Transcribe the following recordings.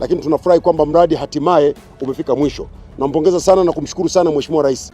lakini tunafurahi kwamba mradi hatimaye umefika mwisho. Nampongeza sana na kumshukuru sana Mheshimiwa Rais.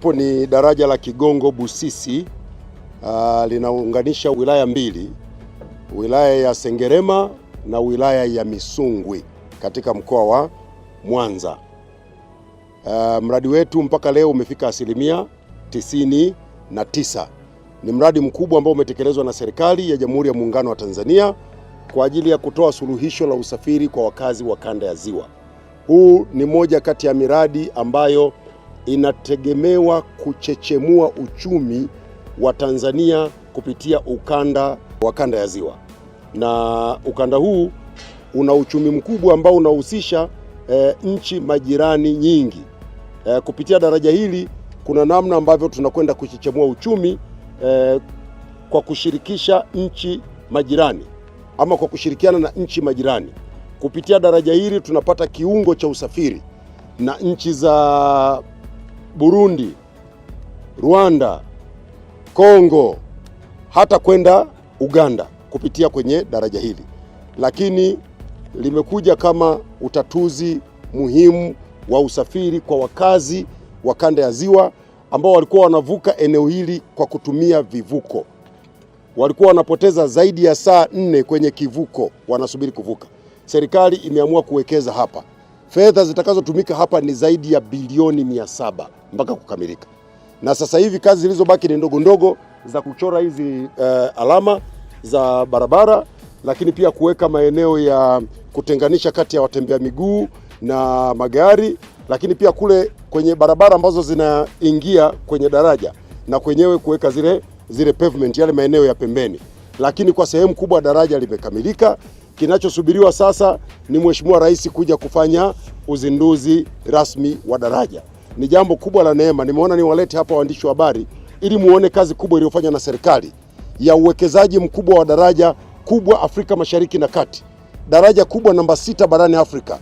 Tupo ni daraja la Kigongo Busisi, uh, linaunganisha wilaya mbili, wilaya ya Sengerema na wilaya ya Misungwi katika mkoa wa Mwanza. Uh, mradi wetu mpaka leo umefika asilimia tisini na tisa. Ni mradi mkubwa ambao umetekelezwa na serikali ya Jamhuri ya Muungano wa Tanzania kwa ajili ya kutoa suluhisho la usafiri kwa wakazi wa kanda ya Ziwa. Huu ni moja kati ya miradi ambayo inategemewa kuchechemua uchumi wa Tanzania kupitia ukanda wa kanda ya Ziwa, na ukanda huu una uchumi mkubwa ambao unahusisha e, nchi majirani nyingi. E, kupitia daraja hili kuna namna ambavyo tunakwenda kuchechemua uchumi e, kwa kushirikisha nchi majirani ama kwa kushirikiana na nchi majirani. Kupitia daraja hili tunapata kiungo cha usafiri na nchi za Burundi, Rwanda, Kongo, hata kwenda Uganda kupitia kwenye daraja hili, lakini limekuja kama utatuzi muhimu wa usafiri kwa wakazi wa kanda ya Ziwa ambao walikuwa wanavuka eneo hili kwa kutumia vivuko. Walikuwa wanapoteza zaidi ya saa nne kwenye kivuko wanasubiri kuvuka. Serikali imeamua kuwekeza hapa. Fedha zitakazotumika hapa ni zaidi ya bilioni mia saba mpaka kukamilika, na sasa hivi kazi zilizobaki ni ndogo ndogo za kuchora hizi uh, alama za barabara, lakini pia kuweka maeneo ya kutenganisha kati ya watembea miguu na magari, lakini pia kule kwenye barabara ambazo zinaingia kwenye daraja na kwenyewe kuweka zile, zile pavement yale maeneo ya pembeni, lakini kwa sehemu kubwa daraja limekamilika. Kinachosubiriwa sasa ni Mheshimiwa Rais kuja kufanya uzinduzi rasmi wa daraja. Ni jambo kubwa la neema, nimeona niwalete hapa waandishi wa habari ili muone kazi kubwa iliyofanywa na serikali ya uwekezaji mkubwa wa daraja kubwa Afrika Mashariki na Kati. Daraja kubwa namba sita barani Afrika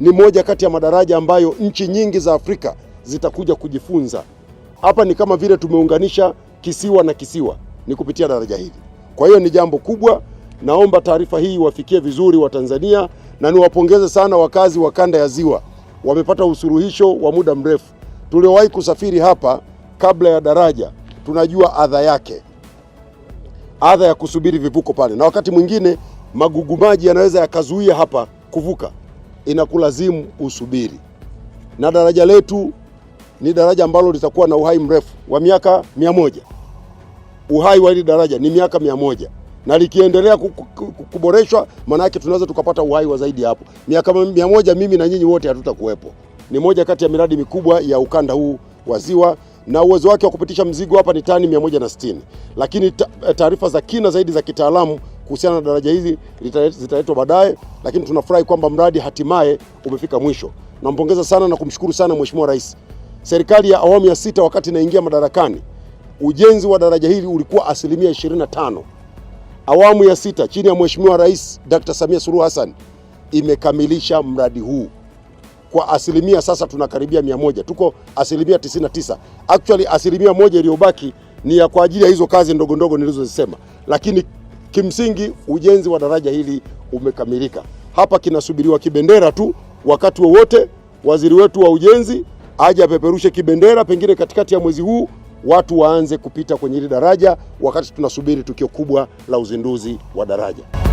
ni moja kati ya madaraja ambayo nchi nyingi za Afrika zitakuja kujifunza. Hapa ni kama vile tumeunganisha kisiwa na kisiwa ni kupitia daraja hili. Kwa hiyo ni jambo kubwa. Naomba taarifa hii iwafikie vizuri wa tanzania na niwapongeze sana wakazi wa kanda ya Ziwa, wamepata usuluhisho wa muda mrefu. Tuliowahi kusafiri hapa kabla ya daraja tunajua adha yake, adha ya kusubiri vivuko pale, na wakati mwingine magugu maji yanaweza yakazuia hapa kuvuka, inakulazimu usubiri. Na daraja letu ni daraja ambalo litakuwa na uhai mrefu wa miaka mia moja. Uhai wa hili daraja ni miaka mia moja na likiendelea kuboreshwa, maana yake tunaweza tukapata uhai wa zaidi hapo. Miaka mia moja mimi na nyinyi wote hatutakuwepo. Ni moja kati ya miradi mikubwa ya ukanda huu wa Ziwa na uwezo wake wa kupitisha mzigo hapa ni tani 160, lakini eh, taarifa za kina zaidi za kitaalamu kuhusiana na daraja hili zitaletwa baadaye, lakini tunafurahi kwamba mradi hatimaye umefika mwisho. Nampongeza sana na kumshukuru sana Mheshimiwa Rais. Serikali ya awamu ya sita wakati inaingia madarakani, ujenzi wa daraja hili ulikuwa asilimia 25 awamu ya sita chini ya Mheshimiwa Rais Dr. Samia Suluhu Hassan imekamilisha mradi huu kwa asilimia sasa tunakaribia mia moja, tuko asilimia 99. Actually asilimia moja iliyobaki ni ya kwa ajili ya hizo kazi ndogo ndogo nilizozisema, lakini kimsingi ujenzi wa daraja hili umekamilika. Hapa kinasubiriwa kibendera tu, wakati wowote waziri wetu wa ujenzi aje apeperushe kibendera, pengine katikati ya mwezi huu watu waanze kupita kwenye hili daraja wakati tunasubiri tukio kubwa la uzinduzi wa daraja.